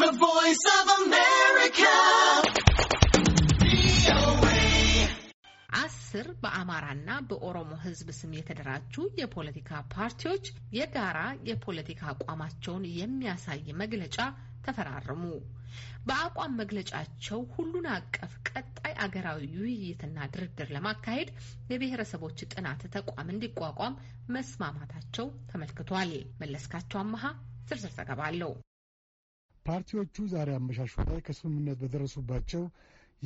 The Voice of America. አስር በአማራና በኦሮሞ ሕዝብ ስም የተደራጁ የፖለቲካ ፓርቲዎች የጋራ የፖለቲካ አቋማቸውን የሚያሳይ መግለጫ ተፈራረሙ። በአቋም መግለጫቸው ሁሉን አቀፍ ቀጣይ አገራዊ ውይይትና ድርድር ለማካሄድ የብሔረሰቦች ጥናት ተቋም እንዲቋቋም መስማማታቸው ተመልክቷል። መለስካቸው አመሃ ዝርዝር ዘገባ አለው። ፓርቲዎቹ ዛሬ አመሻሹ ላይ ከስምምነት በደረሱባቸው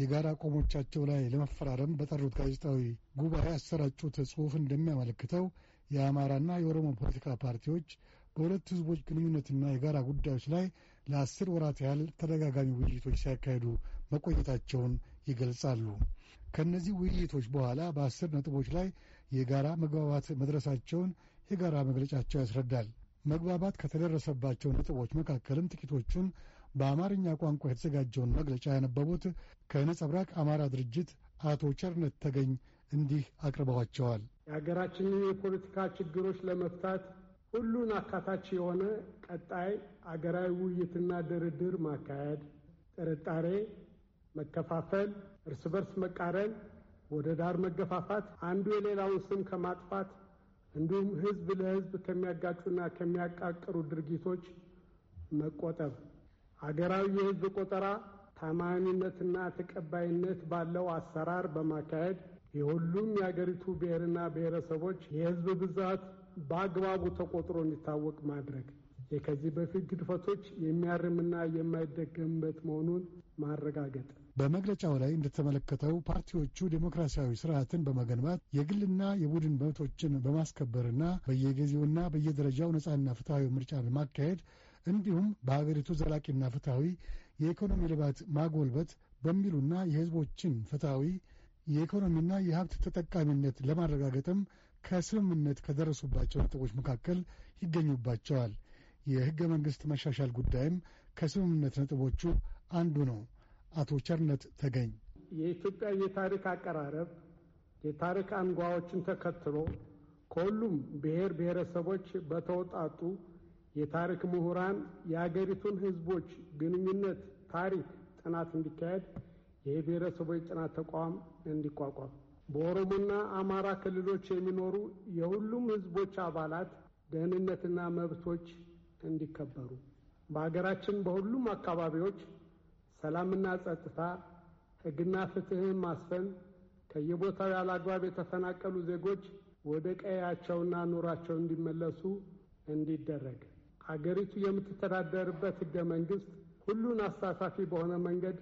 የጋራ አቋሞቻቸው ላይ ለመፈራረም በጠሩት ጋዜጣዊ ጉባኤ ያሰራጩት ጽሑፍ እንደሚያመለክተው የአማራና የኦሮሞ ፖለቲካ ፓርቲዎች በሁለት ህዝቦች ግንኙነትና የጋራ ጉዳዮች ላይ ለአስር ወራት ያህል ተደጋጋሚ ውይይቶች ሲያካሄዱ መቆየታቸውን ይገልጻሉ። ከእነዚህ ውይይቶች በኋላ በአስር ነጥቦች ላይ የጋራ መግባባት መድረሳቸውን የጋራ መግለጫቸው ያስረዳል። መግባባት ከተደረሰባቸው ነጥቦች መካከልም ጥቂቶቹን በአማርኛ ቋንቋ የተዘጋጀውን መግለጫ ያነበቡት ከነጸብራቅ አማራ ድርጅት አቶ ቸርነት ተገኝ እንዲህ አቅርበዋቸዋል። የሀገራችንን የፖለቲካ ችግሮች ለመፍታት ሁሉን አካታች የሆነ ቀጣይ አገራዊ ውይይትና ድርድር ማካሄድ፣ ጥርጣሬ፣ መከፋፈል፣ እርስ በርስ መቃረን፣ ወደ ዳር መገፋፋት፣ አንዱ የሌላውን ስም ከማጥፋት እንዲሁም ህዝብ ለህዝብ ከሚያጋጩና ከሚያቃቅሩ ድርጊቶች መቆጠብ፣ አገራዊ የህዝብ ቆጠራ ታማኒነትና ተቀባይነት ባለው አሰራር በማካሄድ የሁሉም የአገሪቱ ብሔርና ብሔረሰቦች የህዝብ ብዛት በአግባቡ ተቆጥሮ እንዲታወቅ ማድረግ የከዚህ በፊት ግድፈቶች የሚያርምና የማይደገምበት መሆኑን ማረጋገጥ። በመግለጫው ላይ እንደተመለከተው ፓርቲዎቹ ዴሞክራሲያዊ ስርዓትን በመገንባት የግልና የቡድን መብቶችን በማስከበርና በየጊዜውና በየደረጃው ነጻና ፍትሐዊ ምርጫን ማካሄድ እንዲሁም በሀገሪቱ ዘላቂና ፍትሐዊ የኢኮኖሚ ልባት ማጎልበት በሚሉና የህዝቦችን ፍትሐዊ የኢኮኖሚና የሀብት ተጠቃሚነት ለማረጋገጥም ከስምምነት ከደረሱባቸው ነጥቦች መካከል ይገኙባቸዋል። የሕገ መንግሥት መሻሻል ጉዳይም ከስምምነት ነጥቦቹ አንዱ ነው። አቶ ቸርነት ተገኝ የኢትዮጵያ የታሪክ አቀራረብ የታሪክ አንጓዎችን ተከትሎ ከሁሉም ብሔር ብሔረሰቦች በተወጣጡ የታሪክ ምሁራን የአገሪቱን ሕዝቦች ግንኙነት ታሪክ ጥናት እንዲካሄድ የብሔረሰቦች ጥናት ተቋም እንዲቋቋም፣ በኦሮሞና አማራ ክልሎች የሚኖሩ የሁሉም ሕዝቦች አባላት ደህንነትና መብቶች እንዲከበሩ በሀገራችን በሁሉም አካባቢዎች ሰላምና ጸጥታ፣ ሕግና ፍትሕን ማስፈን ከየቦታው ያላግባብ የተፈናቀሉ ዜጎች ወደ ቀያቸውና ኑሯቸው እንዲመለሱ እንዲደረግ አገሪቱ የምትተዳደርበት ሕገ መንግሥት ሁሉን አሳታፊ በሆነ መንገድ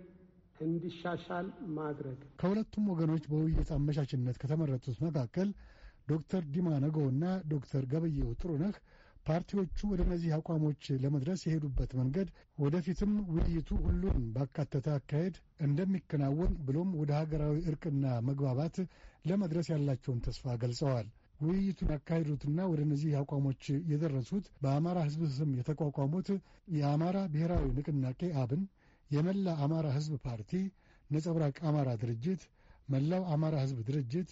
እንዲሻሻል ማድረግ ከሁለቱም ወገኖች በውይይት አመቻችነት ከተመረጡት መካከል ዶክተር ዲማ እና ዶክተር ገበየው ጥሩነህ ፓርቲዎቹ ወደ እነዚህ አቋሞች ለመድረስ የሄዱበት መንገድ ወደፊትም ውይይቱ ሁሉን ባካተተ አካሄድ እንደሚከናወን ብሎም ወደ ሀገራዊ እርቅና መግባባት ለመድረስ ያላቸውን ተስፋ ገልጸዋል። ውይይቱን ያካሄዱትና ወደ እነዚህ አቋሞች የደረሱት በአማራ ሕዝብ ስም የተቋቋሙት የአማራ ብሔራዊ ንቅናቄ አብን፣ የመላ አማራ ሕዝብ ፓርቲ፣ ነጸብራቅ አማራ ድርጅት፣ መላው አማራ ሕዝብ ድርጅት፣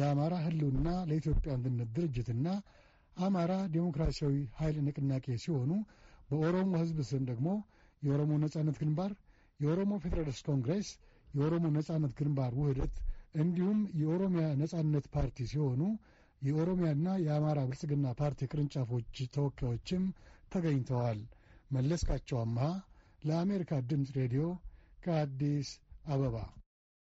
የአማራ ሕልውና ለኢትዮጵያ አንድነት ድርጅትና አማራ ዴሞክራሲያዊ ኃይል ንቅናቄ ሲሆኑ በኦሮሞ ሕዝብ ስም ደግሞ የኦሮሞ ነጻነት ግንባር፣ የኦሮሞ ፌዴራሊስት ኮንግሬስ፣ የኦሮሞ ነጻነት ግንባር ውህደት እንዲሁም የኦሮሚያ ነጻነት ፓርቲ ሲሆኑ የኦሮሚያና የአማራ ብልጽግና ፓርቲ ቅርንጫፎች ተወካዮችም ተገኝተዋል። መለስካቸው አምሃ ለአሜሪካ ድምፅ ሬዲዮ ከአዲስ አበባ